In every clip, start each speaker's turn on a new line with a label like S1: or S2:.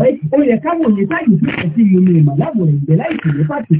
S1: ó yẹ káwọn òye táyì sí ẹ̀sìn ìrìn ìmọ̀ láwọn ẹ̀gbẹ́ láìpẹ́ ní pàtó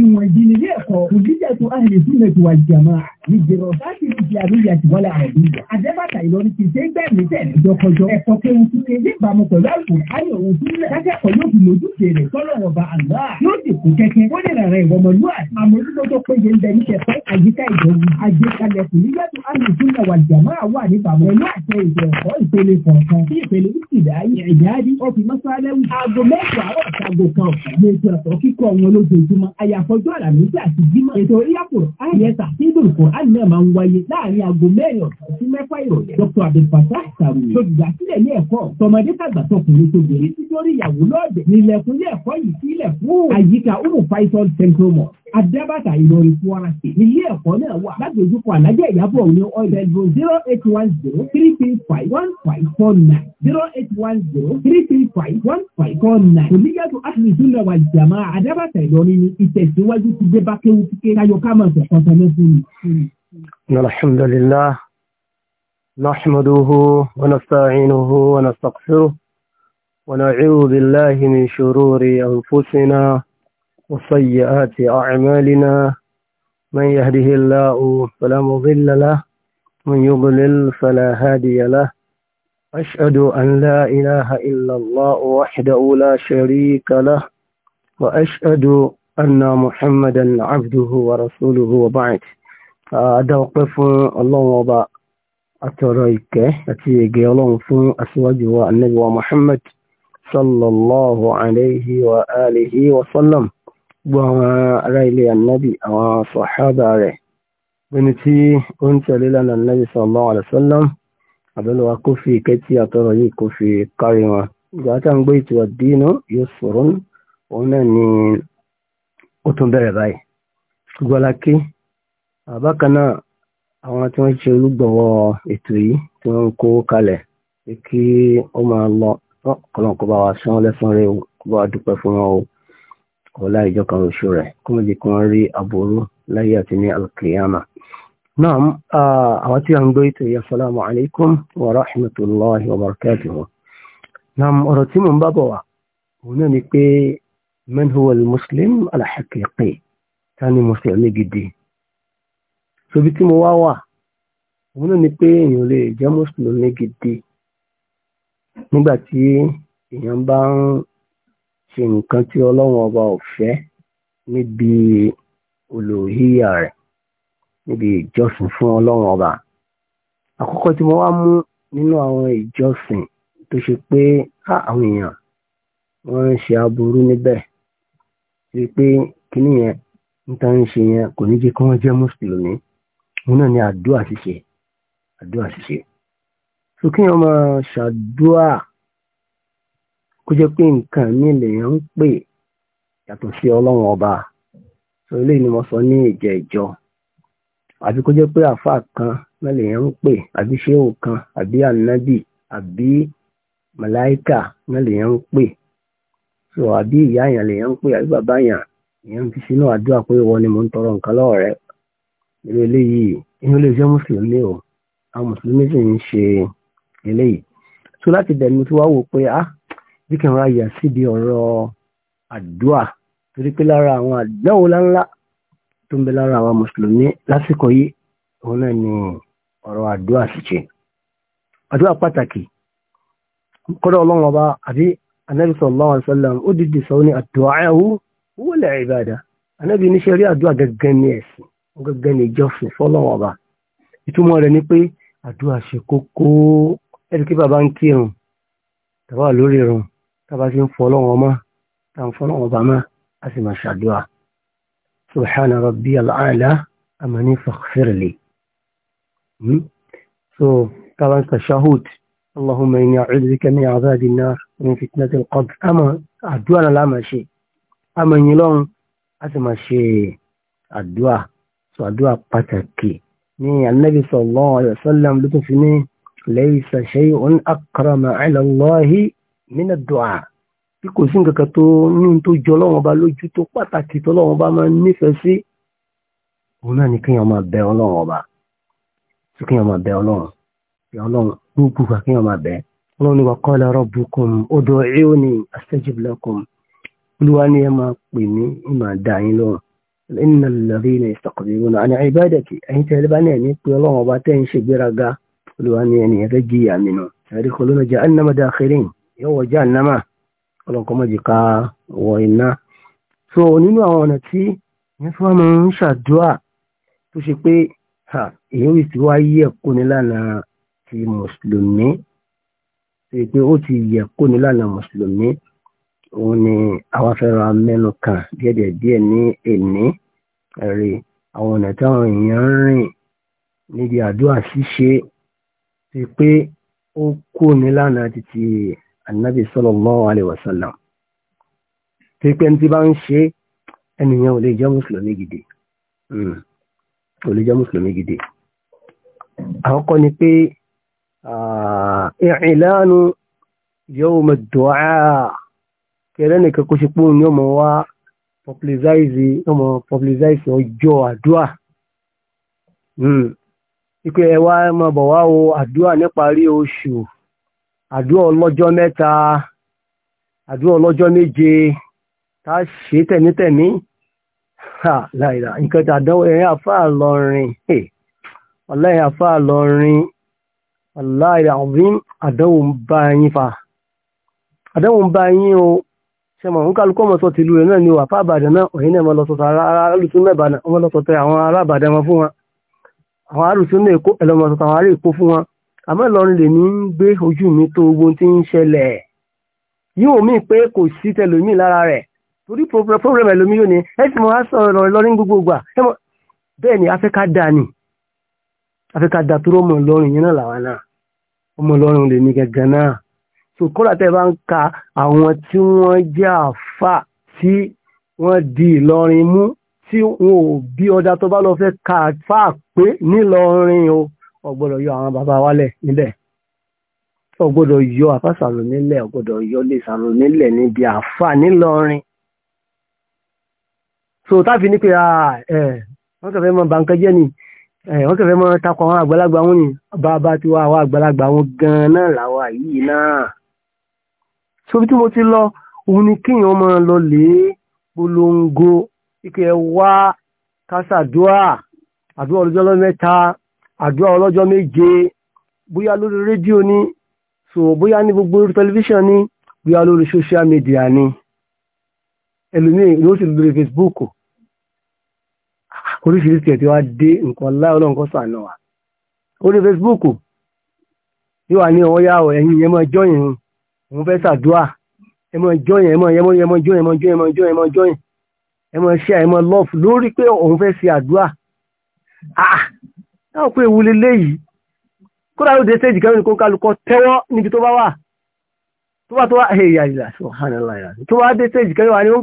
S1: ìwọ̀n ìdílé ẹ̀kọ́ òjíjẹ́ tó àìlè sí mẹ́tò àjàmáà Ìjìnà báàkì ti di àríyá ìbọ́lá àrẹ̀bíyà. Àjẹ́bàtà Ìlọrin ti ṣe é gbẹ̀mí tẹ̀lé jọkọjọ. Ẹ̀kọ́ kéwù tún ṣe níbàámu pẹ̀lú àlùkò ayé òun sílẹ̀. Akẹ́kọ̀ọ́ yóò fi lójúṣe rẹ̀ sọ́lọ́wọ́ bá àlá. Yóò sì kú kẹ́kẹ́. Wọ́n lè rà rẹ̀ ìwọ̀mọ̀lúwà. Àmójútó tó péye ń bẹ ní kẹfẹ́ àyíká ìjọba. Àjẹkalẹ̀ kò ní yàtọ̀ àlùsúnà wà jàmá wà níbàámu. Pẹ̀lú àṣẹ ìjọ ẹ̀kọ́ ìpele kọ̀ọ̀kan. Bí ìpele ìsìdáyé ìdádi ọ̀fìn mọ́sálẹ́wù. Aago mẹ́fà ọ̀ ṣàgò kan ní ètò ẹ̀kọ́ kíkọ́ wọn lójoojúmọ́. Àyàfọ́jọ́ àlàmísì àti Jímọ̀. Ètò ìyàpò àyẹ̀sà tí dùn kò Quran náà máa ń wáyé láàrin aago mẹ́rin ọ̀sán sí mẹ́fà ìrọ̀lẹ́. Dr. Abdulfata Sàrù olùdásílẹ̀ ilé ẹ̀kọ́ tọmọdé tàgbà tọkùnrin tóbi. Títí lórí ìyàwó lọ́ọ̀dẹ̀ nílẹ̀kùn ilé ẹ̀kọ́ yìí sílẹ̀ fún àyíká Umu Faisal Central Mosque. Adébàtà Ìlọrin Kwara State nílé ẹ̀kọ́ náà wà lágbèjúkọ Àlájẹ́ Ìyábọ̀ ní ọ̀dẹ̀ zero eight one zero three three five one five four nine zero eight one zero three three five one five four nine. Oníyàtọ̀ Aṣèlú náà wà jàmá Adébàtà Ìlọrin ní ìtẹ̀síwájú ti dé bá kéwu kíké káyọ̀ ká máa sọ̀kan tẹ́lẹ̀ fún mi.
S2: Alhamdulillah, nahmaduhu wa nasta'inuhu wa billahi min shururi anfusina. وسيئات أعمالنا من يهده الله فلا مضل له من يضلل فلا هادي له أشهد أن لا إله إلا الله وحده لا شريك له وأشهد أن محمدا عبده ورسوله وبعد أدوقف الله وضع أتريك ìkẹ́ àti ègè أسواج fún aṣíwájú صلى الله عليه وآله وسلم gbogbo àwọn ará ilé ànábì àwọn sọ̀hábà rẹ̀ gbẹni tí ó ń tẹ̀lé lánàá ànábì sallallahu alaihi wasallam àbẹ́lọ́wà kó fi ìkẹ́tì àtọ́rọ̀ yìí kó fi kárí wọn ìgbà tá à ń gbé ètò àdínà yusrun òun náà ni ó tún bẹ̀rẹ̀ báyìí gbọ́láké bákan náà àwọn tí wọ́n ṣe olùgbọ̀wọ́ ètò yìí tí wọ́n ń kó kalẹ̀ pé kí ó máa lọ kọ́lọ́n bá wa sán lẹ́sàn rẹ̀ kó bá wa dúpẹ́ fún wọn o ọ̀la ìjọ kan oṣù rẹ̀ kó má jẹ́ kí wọ́n rí aburú láyé àti ní alkiyama. náà àwọn tí a ń gbé ètò yẹn salamu alaykum wa rahmatulahi wa barakatuhu. náà ọ̀rọ̀ tí mò ń bábọ̀ wá òun náà ni pé man muslim al ta ni mùsùlùmí gidi. sobi tí mo wá wà òun náà ni pé èèyàn lè jẹ́ mùsùlùmí gidi nígbà tí èèyàn bá ń ṣe nǹkan tí ọlọ́run ọba ò fẹ́ níbi olùhíyà rẹ̀ níbi ìjọsìn fún ọlọ́run ọba àkọ́kọ́ tí mo wá mú nínú àwọn ìjọsìn tó ṣe pé àwọn èèyàn wọ́n ń ṣe aburú níbẹ̀ ṣe pé kíní yẹn ń tán ń ṣe yẹn kò ní jẹ́ kí wọ́n jẹ́ mùsùlùmí òun náà ni àdúrà ṣíṣe àdúrà ṣíṣe so kí máa ṣàdúrà kó jẹ́ pé nǹkan mi lèèyàn ń pè yàtọ̀ sí ọlọ́run ọba sọ ni mo sọ ní ìjẹ́ ìjọ àti kó jẹ́ pé kan náà ń pè àbí ṣéwò kan àbí ànábì àbí màláìkà náà ń pè so àbí ìyá yẹn lèèyàn ń pè àbí bàbá èèyàn fi sínú àdúrà ni ń tọrọ nǹkan lọ́wọ́ rẹ eléyìí inú ilé iṣẹ́ mùsùlùmí o àwọn mùsùlùmí sì ń ṣe so láti tí wò pé ah bí kí n ra yà síbi ọ̀rọ̀ àdúà torí pé lára àwọn àdáwò láńlá tó ń bẹ lára àwọn mùsùlùmí lásìkò yìí òun náà ni ọ̀rọ̀ àdúà ṣíṣe àdúà pàtàkì kọ́dọ̀ ọlọ́run ọba àbí anabi sallallahu alaihi wasallam ó dìde sọ ní àdúà ẹ̀hú wọ́n lẹ̀ ìbàdà anabi níṣẹ́ rí àdúà gẹ́gẹ́ ní ẹ̀sìn gẹ́gẹ́ ní ìjọsìn fọ́lọ́run ọba ìtumọ̀ rẹ̀ ni pé àdúà ṣe kókó ẹ̀rí kí bàbá ń kírun tàbá lórí irun tába ti ń fọlọ́ wọn mọ́ tá ń fọlọ́ wọn bá mọ́ a sì máa ṣàdúrà subhana rabbiyal a'la amani faghfirli hmm? so tába ń tashahud allahumma inni a'udhu bika min adhabi an-nar wa min fitnati al-qabr àmọ́ àdúrà náà láàmà ṣe àmọ́ yín lọ́run a sì máa ṣe àdúrà so àdúrà pàtàkì ní annabi sallallahu alaihi wasallam ló tún fi ní laysa shay'un akrama ala allahi mínà dùà bí kò sí nǹkan kan tó ní tó jọ lọ́wọ́n ọba lójú tó pàtàkì tó lọ́wọ́n ọba máa nífẹ̀ẹ́ sí òun náà ni kéèyàn máa bẹ ọlọ́run ọba tí kéèyàn máa bẹ ọlọ́run bẹ ọlọ́run gbogbo ìgbà kéèyàn máa bẹ ọlọ́run ni wà qala rabbukum ud'uni astajib lakum olúwa ni ẹ máa pè ní ìmọ̀ àdá lọ́run inna alladhina ní ẹ̀mí pé ọlọ́run ọba tẹ́ ń yọwọ́ jahannama ọlọ́nkọ́ mọ̀jì ká wọ iná. so nínú àwọn ọ̀nà tí yẹn fún ọmọ ń ṣàdúrà tó ṣe pé èyí ò sì wá yẹ kó nílànà ti mùsùlùmí tó ṣe pé ó ti yẹ nílànà mùsùlùmí òun ni àwọn afẹ́ra mẹ́nu kan díẹ̀díẹ̀ ní èní ẹ̀rí àwọn ọ̀nà táwọn èèyàn ń rìn níbi àdúrà ṣíṣe ti pé ó kó nílànà títí anabi sallallahu alaihi wasallam tí pé ní ti bá ń ṣe ẹnìyàn ò lè jẹ́ mùsùlùmí gidi hmm. ò lè jẹ́ mùsùlùmí gidi àkọ́kọ́ ni pé ìrìnlẹ́nu yóò mọ̀ dùá kẹrẹ́ nìkan kó ṣe pé òun yóò mọ̀ wá publicize yóò mọ̀ publicize ọjọ́ àdúrà ìpè hmm. ẹ̀ wá bọ̀ wá o àdúrà níparí oṣù àdúrà ọlọ́jọ́ mẹ́ta àdúrà ọlọ́jọ́ méje tá a ṣe tẹ̀mítẹ̀mí láìra nǹkan tí àdánwò ẹ̀yìn àfáà lọ rìn ọ̀lẹ́yìn àfáà lọ rìn ọ̀láìra ọ̀bín àdánwò ń bá yín fa àdánwò ń bá yín o ṣẹmọ̀ ń kálukọ́ mọ̀ sọ tìlú rẹ̀ náà ni wà fáà bàdàn náà òyìn náà mọ̀ lọ sọ tààrà alùsùn mẹ́bàá náà wọ́n lọ sọ tẹ àwọn arábàdàn wọn fún wọn àwọn alùsùn náà ẹlọmọ sọ tàwọn ará èkó fún wọn àmọ́ Ìlọrin lèmi ń gbé ojú mi tó ogun tí ń ṣẹlẹ̀ yóò mí pé kò sí tẹlomi lára rẹ̀ torí problem ẹlòmí yóò ní ẹ sì mọ á sọ̀rọ̀ Ìlọrin gbogbo gbà bẹ́ẹ̀ ni afẹ́ká da ni afẹ́ká da tó rọ́mọ Ìlọrin yẹn náà làwọn náà ọmọ Ìlọrin lèmi gẹ̀gẹ̀ náà so kọ́lá tẹ́ bá ń ka àwọn tí wọ́n jẹ́ àfà tí wọ́n di Ìlọrin mú tí wọn ò bí ọjà tó bá lọ fẹ́ ka fáà pé ńìlọrin o o gbọ́dọ̀ yọ àwọn bàbá wálẹ̀ níbẹ̀ o gbọ́dọ̀ yọ àfàsàrò nílẹ̀ o gbọ́dọ̀ yọ lè sàrò nílẹ̀ níbi àfà nílọrin so táfi ní pé ah, wọ́n kẹfẹ́ mọ bàǹkẹ́ jẹ́ ni wọ́n kẹfẹ́ mọ takọ àwọn àgbàlagbà wọn ni bàbá tí wọ́n àwọn àgbàlagbà wọn gan náà làwọn yìí náà so bí tí mo ti lọ òun ni kíyàn máa lọ lè polongo ike wá kásàdúà àdúrà olùjọ́lọ́ mẹ́ta àdúrà ọlọ́jọ́ méje bóyá lórí rédíò ni so bóyá ní gbogbo orí tẹlifíṣàn ni bóyá lórí social media ni ẹlòmíì ló sì lórí Facebook oríṣiríṣi ẹ̀ tí wá dé nǹkan láì ọlọ́nkọ́ sànà wa orí Facebook yóò wà ní ọwọ́ yá ọ̀ ẹ̀yìn yẹn mọ́ jọ́yìn òun fẹ́ sàdúà ẹ mọ́ jọ́yìn ẹ mọ́ jọ́yìn ẹ mọ́ jọ́yìn ẹ mọ́ jọ́yìn ẹ mọ́ jọ́yìn ẹ mọ́ jọ́yìn ẹ mọ́ ṣíà ẹ mọ́ lọ́ọ̀fù lórí pé òun fẹ́ ṣe àdúà ah náà pé ewu leléyìí kódà yóò dé stage kan kó kálukọ tẹ́wọ́ níbi tó bá wà tó bá tó wá ẹ̀yà ìlà subhanallah ìlà tó bá dé stage kan wà ní ó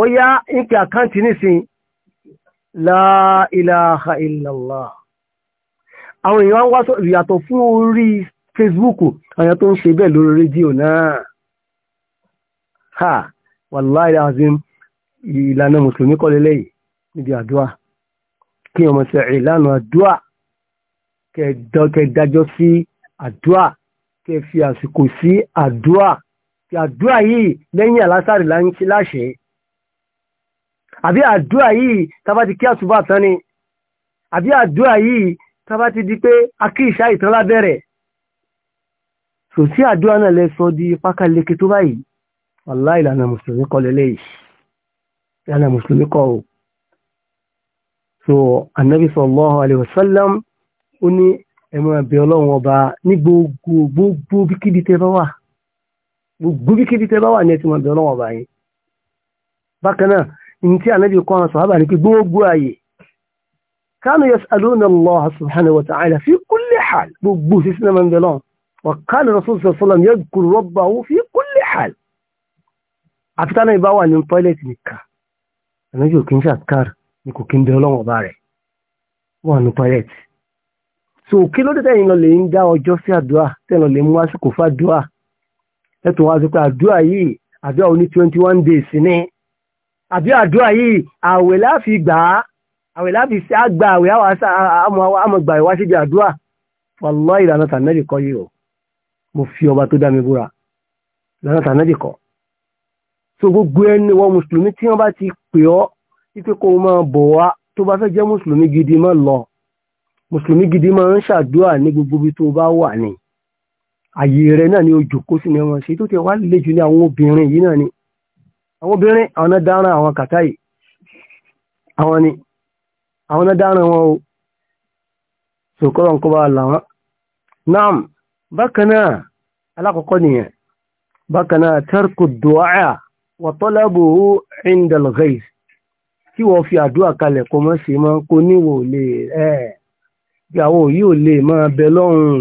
S2: ó yá ń àkáǹtì nísìn la ilaha illallah àwọn èèyàn wá sọ ìyàtọ̀ fún orí Facebook àwọn tó ń ṣe bẹ́ẹ̀ lórí rédíò náà ha wàláì azim ìlànà mùsùlùmí kọ́ lélẹ́yìí níbi àdúrà kí ọmọ ṣe ìlànà àdúà kẹ dájọ́ sí àdúà kẹ fi àsìkò sí àdúà kí àdúà yìí lẹ́yìn àlásàrì láṣẹ àbí àdúà yìí tábà ti kí àsùbà tán ni àbí àdúà yìí tábà ti di pé akí ìṣá ìtàn lábẹ́rẹ̀ tò sí àdúà náà lẹ sọ di pákàlẹ́kẹ́ tó báyìí wàlá ìlànà mùsùlùmí kọ lẹ́lẹ́ ìlànà mùsùlùmí kọ o so anabi sallallahu alayhi wa sallam ó ní ẹ máa bẹ ọlọ́run ọba ní gbogbo gbogbo bíkíbi tẹ bá wà gbogbo bíkíbi tẹ bá wà ní ẹ ti máa bẹ ọlọ́run ọba yẹn bákan náà ní tí anabi kọ́ àwọn sọ̀hábà ní pé gbogbo ààyè كانوا يسألون الله سبحانه وتعالى في كل حال بوسي سنة من دلون وكان الرسول صلى الله عليه وسلم يذكر ربه في كل حال عفتانا يباوى أن ينطلت نكا أنا جو كنش أذكار ni kò kí ń bẹ ọlọ́wọ́n ọba rẹ̀ wọ́n nu toilet so kí ló dé tẹ́yìn lọ lè ń dá ọjọ́ sí àdúrà tẹ́yìn lọ lè mú àsìkò fàdúrà ẹ̀tùn wá sí pé àdúrà yìí àdúrà oní twenty one days ní àbí àdúrà yìí àwẹ̀ láfi gbà á àwẹ̀ láfi sí àgbà àwẹ̀ àmọ̀gbà ìwá síbi àdúrà wàlọ́ ìlànà tànẹ́bì kọ́ yìí o mo fi ọba tó dá mi búra ìlànà tànẹ́bì kọ́ so gbogbo ẹni wọn mùsùlùmí tí wọ́n bá ti pè ọ́ wípé kó o máa bọ̀ wá tó bá fẹ́ jẹ́ mùsùlùmí gidi máa lọ mùsùlùmí gidi máa ń ṣàdúrà ní gbogbo ibi tó bá wà ní àyè rẹ náà ni ojú kó sí ni wọn ṣe tó tẹ wá lè jù ní àwọn obìnrin yìí náà ni àwọn obìnrin àwọn náà àwọn kàtá yìí àwọn ni àwọn náà wọn o sòkòrò nǹkan bá là wọn. naam bákan náà alákọ̀ọ́kọ́ nìyẹn bákan náà tarku du'a wa talabuhu inda al-ghayth tí wọ́n fi àdúrà kalẹ̀ kó mọ́ sí mọ́ kó níwò lè ẹ̀ ìyàwó yìí ò lè máa bẹ lọ́rùn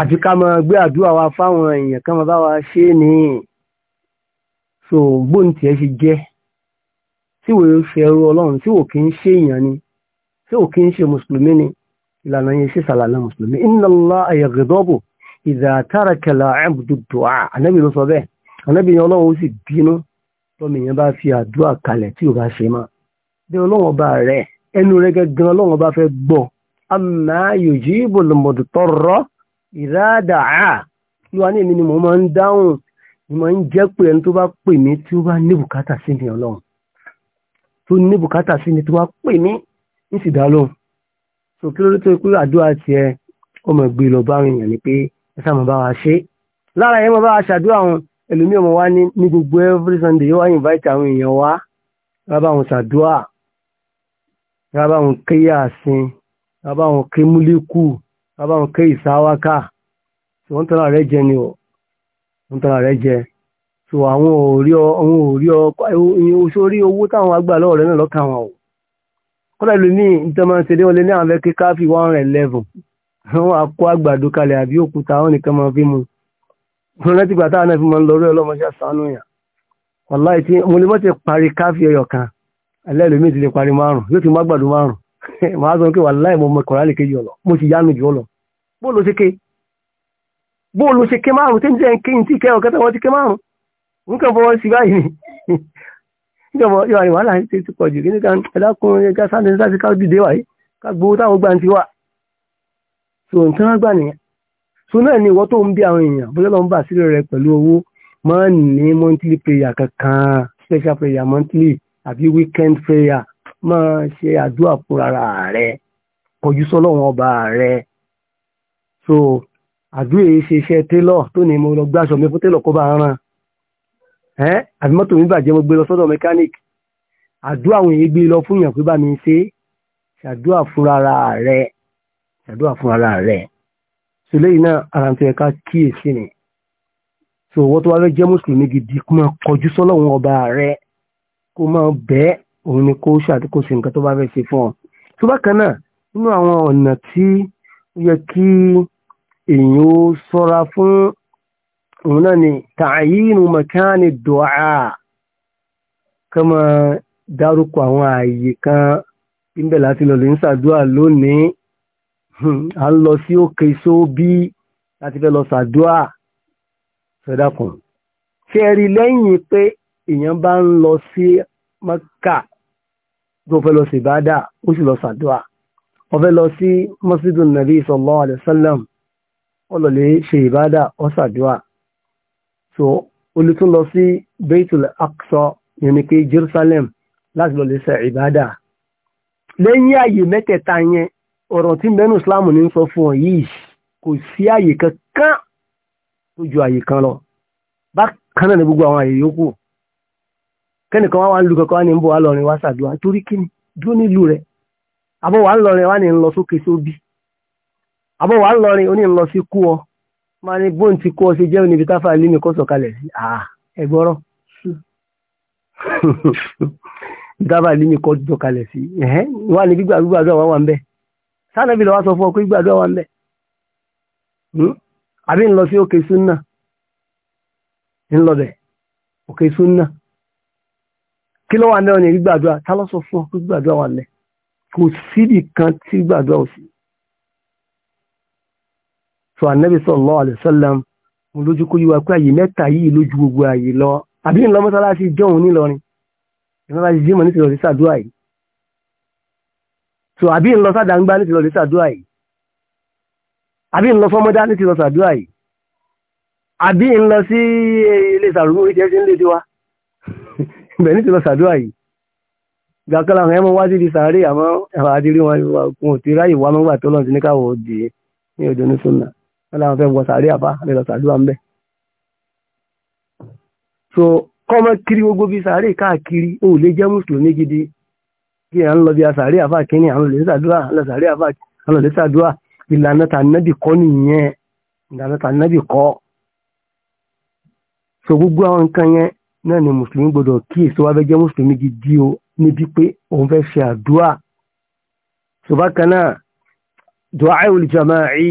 S2: àti ká máa gbé àdúrà wa fáwọn èèyàn kan máa bá wa ṣe é ní so gbóǹtì ẹ ṣe jẹ́ tí wòye ṣe ẹrú ọlọ́run tí wò kí ń ṣe èèyàn ni tí wò kí ń ṣe mùsùlùmí ni ìlànà yẹn ṣe sàlànà mùsùlùmí inna Allah yaghdabu idha taraka al-abdu du'a ànábì ló sọ bẹ́ẹ̀ ànábì yẹn ọlọ́run ó sì bínú tọ́mìyàn bá fi àdúrà kalẹ̀ tí ò bá ṣe mọ́ bí ọlọ́wọ́n bá rẹ̀ ẹnu rẹ̀ gẹ́gẹ́ ọlọ́wọ́n bá fẹ́ gbọ́ àmà yòjì ìbòlòmọ̀dù tọrọ ìrádàá ló wà ní èmi ni mo máa ń dáhùn mo máa ń jẹ́ pé ẹni tó bá pè mí tí ó bá ní bùkátà sí mi ọlọ́run tó ní bùkátà sí mi tó bá pè mí ń sì lóhùn so kí ló tó pé àdúrà tiẹ̀ ọmọ ìgbé bá rìn yàn ni pé ẹ sáà ẹlòmí ọmọ wa ní ní gbogbo every sunday yóò wá invite àwọn èèyàn wá rábà àwọn sàdúà rábà àwọn ké yàsín rábà àwọn ké múlíkù rábà àwọn ké ìsáwáká tí wọ́n tọ́ra rẹ jẹ ni ọ̀ wọ́n tọ́ra rẹ jẹ so àwọn ò rí ọ àwọn ò rí ọ sórí owó táwọn àgbà lọ́wọ́ rẹ náà lọ́kàn wọn o kọ́lá ẹlòmí ìtọ́mọ ṣẹlẹ̀ wọn lé ní àwọn fẹ́ ké káfí one eleven wọn á kó àgbàdo kalẹ̀ àbí òkúta wọn nìkan máa fi mu mo rántí gbà táwọn náà fi máa ń lọrú ọlọ́mọṣẹ́ sánú yàn wàláì tí mo lè mọ́ ti parí káfí ẹyọ kan ẹlẹ́lùmí ti lè parí márùn yóò ti má gbàdú márùn màá sọ pé wàláì mo mọ kọ̀rálì kejì ọ̀lọ́ mo sì yánu jù ọ lọ bóòlù ṣe ké bóòlù ṣe ké márùn tẹ́ni tẹ́ni kéyìn tí kẹ́ọ̀ kẹ́tà wọ́n ti ké márùn nǹkan fọwọ́ sí báyìí ni nǹkan fọwọ́ yóò rí wàhálà ti ti pọ̀ jù kí nìkan ẹ̀dákun ẹ̀ka sáńdẹ̀ sáńdẹ̀ ká dìde wáyé ká gbowó táwọn gbà ń ti wà so nǹkan gbà nìyẹn so ni ìwọ tó ń bí àwọn èèyàn bóyá lọ́n bá sílẹ̀ rẹ pẹ̀lú owó máa ń ní monthly prayer kankan special prayer monthly àbí weekend prayer máa ṣe àdúrà fúnra rẹ kọjú sọ́lọ́run ọba rẹ so àdúrà yìí ṣe iṣẹ́ télọ̀ tó ní mo lọ gbàṣọ mi fún télọ̀ kó bá rán ẹ́ àbí mọ́tò mi bàjẹ́ mo gbé lọ sọ́dọ̀ mechanic àdúrà àwọn èyí gbé lọ fún yàn pé bá mi ṣe ṣàdúrà fúnra rẹ ṣàdúrà fúnra rẹ sílẹ̀ iná àràǹtí ẹ̀ka kíyèsí ni so wọ́n tó wá fẹ́ jẹ́ mùsùlùmí gidi kó máa kọjú sọ́lọ́run ọba rẹ kó máa bẹ́ẹ̀ òun ni kó ṣàtì kó ṣe nǹkan tó bá fẹ́ ṣe fún ọ tó bákan náà nínú àwọn ọ̀nà tí ó yẹ kí èèyàn ó sọ́ra fún òun náà ni tààyínú mẹ́kánì dọ́à ká máa dárúkọ àwọn ààyè kan níbẹ̀ láti lọ́ọ́ lè ń ṣàdúrà lónìí Hmm, à ń lọ sí òkè iṣó bí láti fẹ́ lọ sàdúà sọdákùn ṣe rí lẹ́yìn pé èèyàn bá ń lọ sí mọ́kà tó fẹ́ lọ sí ìbádà ó sì lọ sàdúà ó fẹ́ lọ sí mọ́sídùn nàbí sallallahu alaihi ó lọ lè ṣe ìbádà ó sàdúà so ó lè tún lọ sí Baitul Aqsa yẹn ni pé Jerusalem láti lọ lè ṣe ìbádà lẹ́yìn ààyè mẹ́tẹ̀ẹ̀ta yẹn ọ̀rọ̀ tí bẹ́nu islam ní sọ fún ọ yìí kò sí àyè kankan tó ju àyè kan lọ bákan náà ní gbogbo àwọn àyè yòókù kẹ́nìkan wá wá ń lu kankan wá ní ń bọ̀ wá lọ́rin wá ṣàdúrà torí kí ni dúró nílùú rẹ̀ àbọ̀ wà ń lọrin wá ní ń lọ sókè sóbì àbọ̀ wà ń lọrin ó ní ń lọ sí kú ọ máa ní bóun ti kú ọ sí jẹ́ níbi táfà límì kọ́ sọ̀kalẹ̀ sí ẹgbọ́rọ̀ táfà límì kọ́ sọ̀kalẹ̀ sí wà ní gbígbà gbígbà sánàbí lọ wá sọ fún ọ pé gbàdúrà wà ń bẹ̀ hmm? àbí ń lọ sí òkè súnà ń lọ bẹ̀ òkè súnà kí ló wà ń bẹ̀ gbàdúrà tá lọ fún ọ gbàdúrà wà ń kò síbì kan tí gbàdúrà ò sí. sọ ànábì sallallahu alaihi wasallam mo lójú kó yíwa pé àyè mẹ́ta yìí lójú gbogbo àyè lọ àbí ń lọ mọ́sálásí jọ́hún nílọrin ìmọ̀lásí jímọ̀ nítorí sàdúrà yìí so àbí ń lọ sádàǹgbá ní ti lọ lè sàdúrà yìí àbí ń lọ fọmọdá ní ti lọ sàdúrà yìí àbí ń lọ sí eh, ilé ìsàrùmú orí tẹ́sí ń lé tiwa ibẹ̀ ní ti lọ sàdúrà yìí gbàkọ́lá àwọn ẹmọ wá sí ibi sàárè àmọ́ àwọn adìrí wọn kò tí ráyè wá mọ́gbà tó lọ́n ti ní káwọ́ dì í ní odò ní súnà wọn làwọn fẹ́ wọ sàárè àbá lè lọ sàdúrà ń so kọ́mọ kiri gbogbo bíi sàárè káàkiri ó lè jẹ́ mùsùlùmí gidi kí à ń lọ bí asàrí àfà kínní à ń lọ sàdúrà lọ sàrí àfà à ń lọ sàdúrà ìlànà tànàbì kọ́ nìyẹn ìlànà tànàbì kọ́ so gbogbo àwọn nǹkan yẹn náà ni mùsùlùmí gbọdọ̀ kíyèsí wá fẹ́ jẹ́ mùsùlùmí gidi o níbi pé òun fẹ́ ṣe àdúrà so bákan náà dùá ìwòlìjàmáì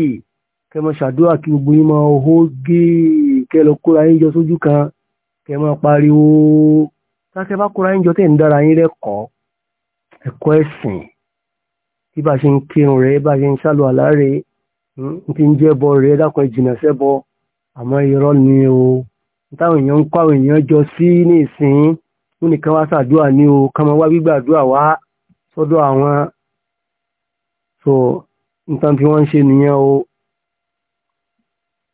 S2: kẹmọ ṣàdúrà kí gbogbo yín máa hó gé kẹlọ kóra yín jọ sójú kan kẹmọ pariwo kákẹ́ bá kóra yín jọ ẹ̀kọ́ ẹ̀sìn bí bá ṣe ń kírun rẹ̀ bá ṣe ń ṣàlù àláre hmm, tí ń jẹ́bọ rẹ̀ dákun ìjìnà sẹ́bọ àmọ́ irọ́ ni o táwọn èèyàn ń kọ́ àwọn èèyàn jọ sí ní ìsìn wọn nìkan wá ṣàdúrà ní o ká máa wá gbígbàdúrà wá sọ́dọ̀ àwọn so nǹkan tí wọ́n ń ṣe nìyẹn o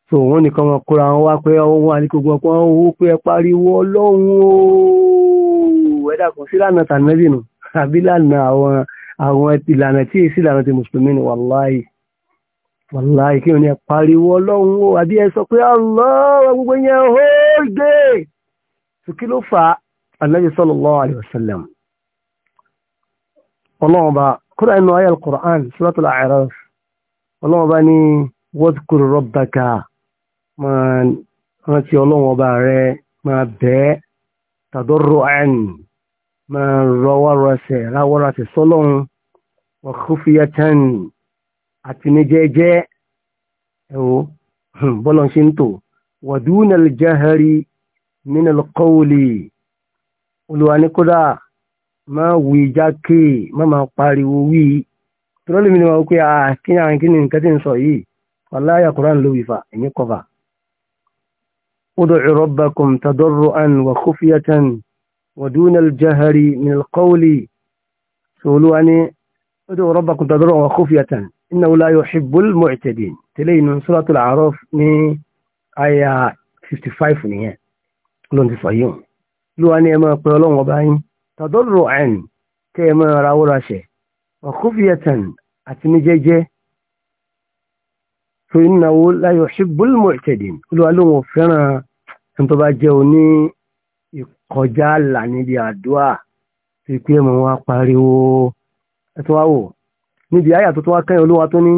S2: so wọ́n nìkan wọn kóra wọn wá pé ọwọ́ àníkógbó ọpọ́ owó pé ẹ pariwo ọlọ́run o ẹ̀dà kan sí lánàá tànẹ́bì nù àbí lànà àwọn àwọn ìlànà tí èsì ìlànà ti mùsùlùmí ni wàláì wàláì kí ni ẹ pariwo ọlọ́run o àbí ẹ sọ pé ọlọ́run gbogbo yẹn ó dé kí ló fà á Ànábì sallallahu alayhi wa sallam ọlọ́run bá kúrò ẹnu ayé al-Qur'an suratul ọlọ́run bá ní wadhkur rabbaka máa rántí ọlọ́run ọba rẹ máa bẹ́ẹ̀ tadarru'an máa rọwọ́rọsẹ̀ ráwọ́rọsẹ̀ sọ́lọ́run ọ̀kúfìyàtàn àti ní jẹ́jẹ́ ẹ̀wọ́ hmm, bọ́lọ̀ ṣe ń tò wàdúnà jáhari nínú kọ́wùlì olùwà ní kódà máa wù jákè má máa pariwo wí tọ́lọ́lù mi ni wọ́n pé àkíyà kíni nǹkan tí ń sọ yìí wàláyà kúrán ló wìfà ẹ̀yìn kọfà ud'u rabbakum tadarru'an wa khufyatan ودون الجهر من القول سولوا أن ادعوا ربكم تضرعا وخفية إنه لا يحب المعتدين تلي من سورة العراف ني آية 55 نية لون تصيون لو أني ما قولون وباين تضرعا كما راو راشي وخفية أتنججه فإنه لا يحب المعتدين قلوا ألوم وفنا أنتم بقى جوني kọjá àlà níbi àdúrà tí pé mo wá pariwo ẹ̀tọ́ wá wò níbi àyà tó tó wá kẹ́yìn olúwa tó ní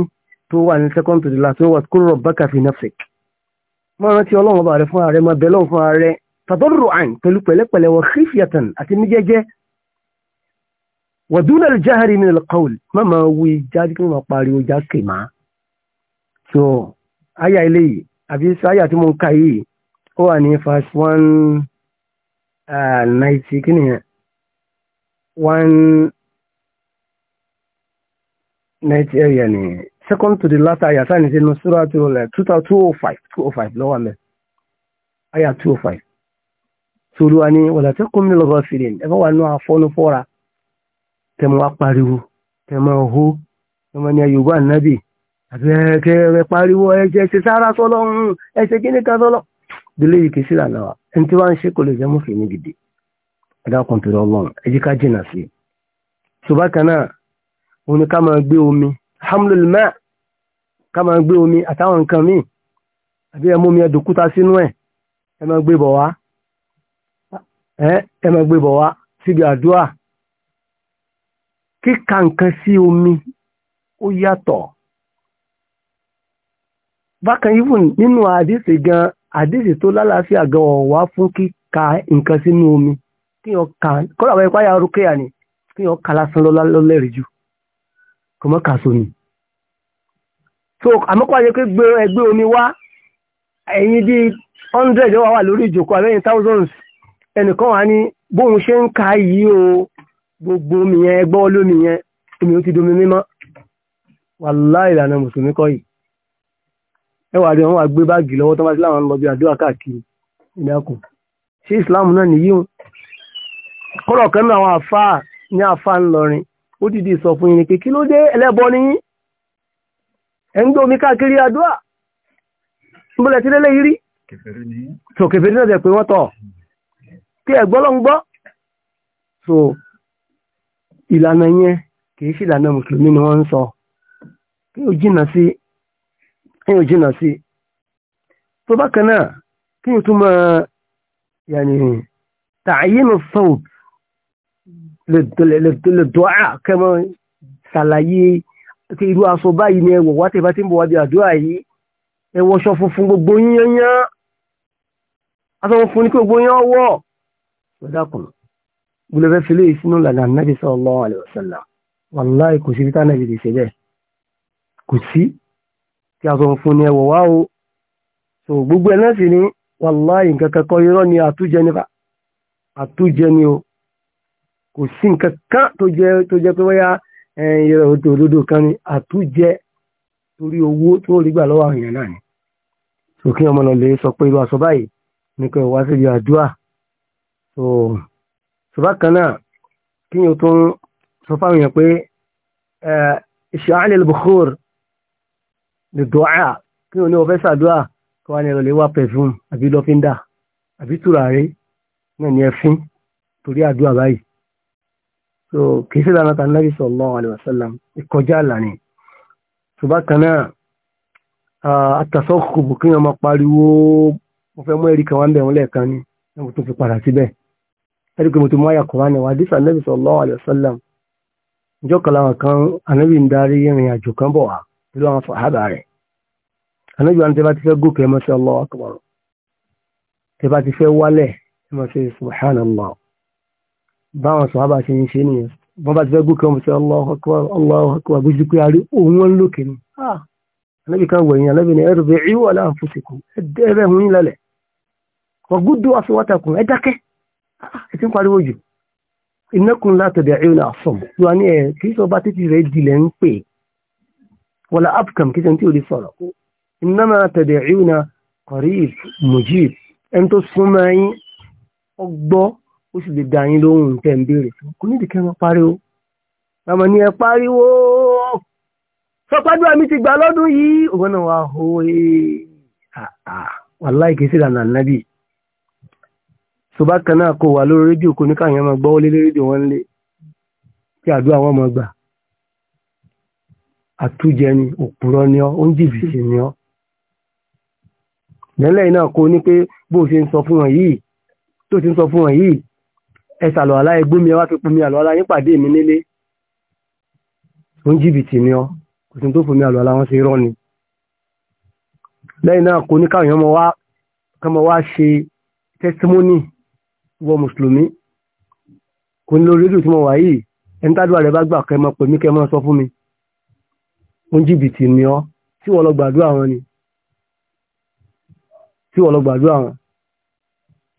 S2: tó wà ní second to the last wọ́n wà kúrò rọ̀ bákà fi nafsik máa rántí ọlọ́run ọba rẹ fún ààrẹ máa bẹ̀ lọ́run fún ààrẹ tàdọ́rọ̀ àn pẹ̀lú pẹ̀lẹ́pẹ̀lẹ́ wọ khifyatan àti ní jẹ́jẹ́ wọ̀dúnà lè jáhàrí min al-qawl má máa wí jáde kí wọ́n pariwo já kèmá so àyà ilé yìí àbí sáyà tí mo ń ka yìí ó wà ní verse one náìtì kí nìyẹn one ninety area nìyẹn second to the last aya sáà ní sínú two thousand two oh five two oh five lọ́wọ́ mẹ́ aya two oh five tolúwa ní wọ̀dà tí kò mí lọ́gọ́ fìdí ẹ bá wà nù àfọ́nú fọ́ra tẹ̀mọ́ wá pariwo tẹ̀mọ́ hó tẹ̀mọ́ ní ayọ̀gbọ́ ànábì àbẹ̀kẹ̀ pariwo ẹ̀jẹ̀ ṣe sára sọ́lọ́run ẹ̀ṣẹ̀ kíní kan sọ́lọ́ délé yìí kì í sílànà wa ẹni tí wọ́n ń ṣe kò lè jẹ́ mùsùlùmí gidi adákùn tó lọ́lọ́run ẹ jẹ́ ká jìnà sí i ṣùgbọ́n kan náà òun ni ká máa gbé omi hamlul ma ká máa gbé omi àtàwọn nǹkan míì àbí ẹ mú mi ẹdùkúta sínú ẹ ẹ máa gbé bọ̀ wá ẹ máa gbé bọ̀ wá síbi àdúrà kíka nǹkan sí omi ó yàtọ̀ bákan even nínú àdìsí gan àdìsí tó lálàáfíà gan ọ̀wá fún kíka nǹkan sínú omi kí ka kọ́lá àwọn rúkẹ́yà ni kí ka lásán lọ́lẹ́rìí jù kò mọ́ ni. so àmọ́kọ́ àyè pé ẹgbẹ́ omi wá bíi hundred wà wà lórí ìjòkó àbẹ́yìn thousands ẹnìkan wà ní bóun ṣe ń ka o gbogbo omi yẹn ẹgbọ́ lómi yẹn omi ó ti domi mímọ́ wàláì mùsùlùmí ẹ wà rí wọn wà gbé báàgì lọ́wọ́ tó bá sí láwọn lọ bí àdúrà káàkiri ìdákùn ṣé Islam náà nìyí o kọ́rọ̀ kan náà àwọn àfáà ní àfáà ńlọrin ó dìde sọ fún yín pé kí ló dé ẹlẹ́bọ ni yín ẹ̀ ń gbómi káàkiri àdúrà níbọ̀lẹ̀ tí lélẹ́ yìí rí tó kẹfẹ́ náà jẹ́ pé wọ́n tọ̀ kí ẹ̀ gbọ́ ló ń gbọ́ so ìlànà yẹn kì í ṣe ìlànà mùsùlùmí ni wọ́n ń sọ kí o jìnnà sí kí o jìnà sí tó bákan náà kí o tún máa yàní tààyínú sọ́ọ̀t lè dọ́à kẹmọ́ ṣàlàyé tí irú aṣọ báyìí ni ẹwọ̀ wátẹ̀ bá ti ń bọ̀ wábi àdúrà yìí ẹwọ́ṣọ funfun gbogbo yíyányán aṣọ funfun ní kí gbogbo yán wọ̀ lọ́dàkùn gbọ́lọ́fẹ́ fi léyìí lànà Ànábì sallallahu alaihi wàláì kò sí bí tánàbì lè ṣe bẹ́ẹ̀ kò sí kí a sọ fún ni ẹwọ̀ wá o so gbogbo ẹ̀ náà sì ní wàláì nǹkan irọ́ ni àtújẹ nípa àtújẹ ni o kò sí nǹkan kan tó jẹ tó jẹ pé wáyà ẹ̀yìn odò òdodo kan ni àtújẹ torí owó tó rí gbà lọ́wọ́ àwọn èèyàn náà ni so kí ọmọ náà sọ pé irú aṣọ báyìí nìkan ìwá síbi àdúrà so so bákan náà kí ni o tó ń sọ fáwọn èèyàn pé ṣe àlè lè bùkúrò lè dọ́ọ̀à kí wọn ní ọfẹ́ ṣàdúrà kí wọn ní ẹ̀rọ̀lẹ́ wá pẹ̀fúm àbí lọ́fíńdà àbí tùràrí náà ní ẹfín torí àdúrà báyìí so kì í sí lánàá tàn Nabi sallallahu alaihi wasallam ìkọjá àlàní ṣùgbọ́n kan náà àtàsọ́kùbù kí wọn máa pariwo mo fẹ́ mú ẹ̀rí kan wá ń bẹ̀ wọ́n lẹ́ẹ̀kan ni ẹ̀wọ̀n tó fi padà síbẹ̀ ẹ̀rí pé mo ti mú àyà Kùránì wà dísà Nabi sallallahu alaihi wasallam ìjọ kan làwọn kan ànábì ń darí ìrìn àjò kan bọ̀ wá pẹ̀lú àwọn sàhábà rẹ̀ ànábì wọn tẹ bá ti fẹ́ gòkè ẹ máa ṣe Allahu Akbar tẹ bá ti fẹ́ wálẹ̀ ẹ máa ṣe subhanallah báwọn sọ̀hábà ṣe ń ṣe nìyẹn wọ́n bá ti fẹ́ gòkè ọmọ sí Allahu Akbar Allahu Akbar bó ti pé arí òun wọn lókè ni ànábì kan wẹ̀yìn ànábì ni ẹrù bẹ̀ ìwọ̀ aláàfọ̀sẹ̀kùn ẹ̀rẹ̀ hun yín lálẹ̀ wọ́gúdú asọ̀wọ́tàkùn ẹ dákẹ́ ẹ ti ń pariwo jù ní innama tad'una qarib mujib ẹni tó súnmọ́ yín ọgbọ́ ó sì lè dá yín lóhùn tẹ̀ ń béèrè fún kò nídìí kẹ́ ẹ máa pariwo àmọ́ ni pariwo sọpádùn àmì ti gbà lọ́dún yìí ògbọ́n náà wà hó wàláì kìí sí ìlànà nábì ṣùgbọ́n náà kò wà lórí rédíò kò lẹ́lẹ́ iná kó ní pé bó ṣe ń sọ fún wọn yìí tó ti ń sọ fún wọn yìí ẹ sàlọ̀ àlá ẹgbó mi ẹ wá fi pọ̀ mi àlọ́ àlá yín pàdé mi nílé ó ń jìbìtì ni ọ kò sí tó fún mi àlọ́ àlá wọn ṣe rọ́ ni lẹ́yìn náà kó ní káwọn èèyàn mọ wá ṣe testimony wọ mùsùlùmí kò ní lórí rédíò tí mo wà yìí ẹni tádùá rẹ bá gbà kẹ́ mọ pè mí kẹ́ mọ sọ fún mi ó ń jìbìtì ni ọ tí wọ́n lọ gbàdúrà wọn ni tí wọ́n lọ gbàdúrà wọn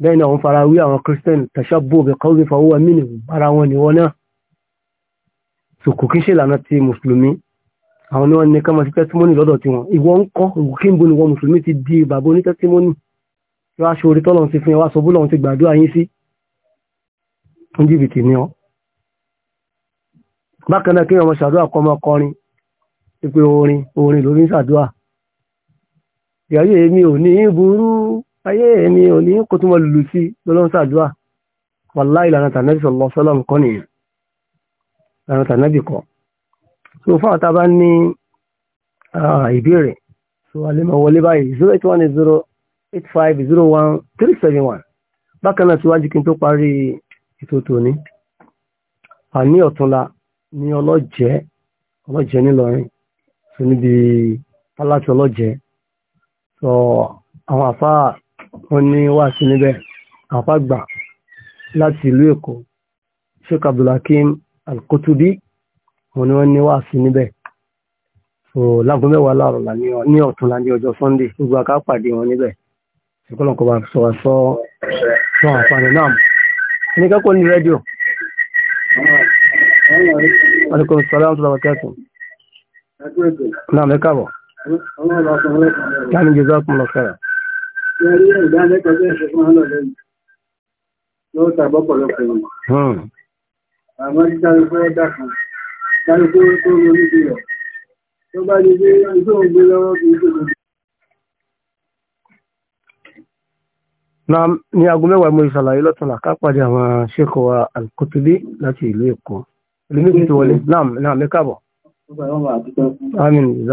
S2: bẹ́ẹ̀ ni àwọn farawí àwọn christian tashabbu bi qawmi fa huwa minhum ara wọn ni wọ́n náà so kò kí ń ṣe ìlànà ti mùsùlùmí àwọn ni wọ́n ní ká máa ṣe testimony lọ́dọ̀ tí wọ́n ìwọ ń kọ́ kí n bo ni wọ́n mùsùlùmí ti di bàbá oní testimony wọ́n aṣọ orí tọ́lọ́run ti fi wá sọ búlọ́run ti gbàdúrà yín sí ń jìbìtì ni ọ́ bákan náà kí wọ́n ṣàdúrà kọ́ ọmọ kọrin pípé orin orin lórí ṣàdúrà ìyáyé mi ò ní burú ayé mi ò ní kó túnmọ̀ lùlù sí lọ́lọ́run sàdúrà wàlá ìlànà tànàbì sallallahu alaihi wasallam kọ́ nìyẹn ìlànà tànàbì kọ́ so fún àwọn tábà ní ìbéèrè so alẹ́ máa wọlé báyìí zero eight one zero eight five zero one three seven one bákan náà síwájú kí n tó parí ètò tòní àní ọ̀túnla ní ọlọ́jẹ́ ọlọ́jẹ́ nílọrin so níbi pálátì ọlọ́jẹ́ so àwọn àfá wọn ní wà sí níbẹ̀ àfá gbà láti ìlú èkó sheik abdulhakeem alkutubi wọn ni wọn ní wà sí níbẹ̀ so láago mẹ́wàá láàrọ̀ ní ọ̀túnla ní ọjọ́ sunday gbogbo aká pàdé wọn níbẹ̀ ṣùgbọ́n kò bá sọ sọ sọ àǹfààní náà ẹni kẹ́kọ̀ọ́ ní rédíò. Aleykum salaam wa rahmatullahi wa barakatuh. Naam, Láàrin jẹ́ zákùn lọ fẹ́ra. Yẹ́rí ìdánilẹ́kọ̀ọ́ jẹ́ ṣe fún ọlọ́dẹ́ yìí.
S1: Lọ́wọ́ tàbọ́pọ̀lọpọ̀ yìí. Àmọ́ tí dárí pé ẹ dákan, dárí pé ó tó lórí bí rẹ̀. Tó bá di pé ìjọ ń gbé lọ́wọ́ kì í ṣe lórí.
S2: Na ní aago mẹ́wàá mo ìṣàlàyé lọ́tọ̀ọ̀la ká pàdé àwọn ṣẹ́kọ̀ọ́ Al-Kutubi láti ìlú Èkó. Ìlú méjì ti wọlé. Náà, náà, mẹ́kàbọ̀. Amin.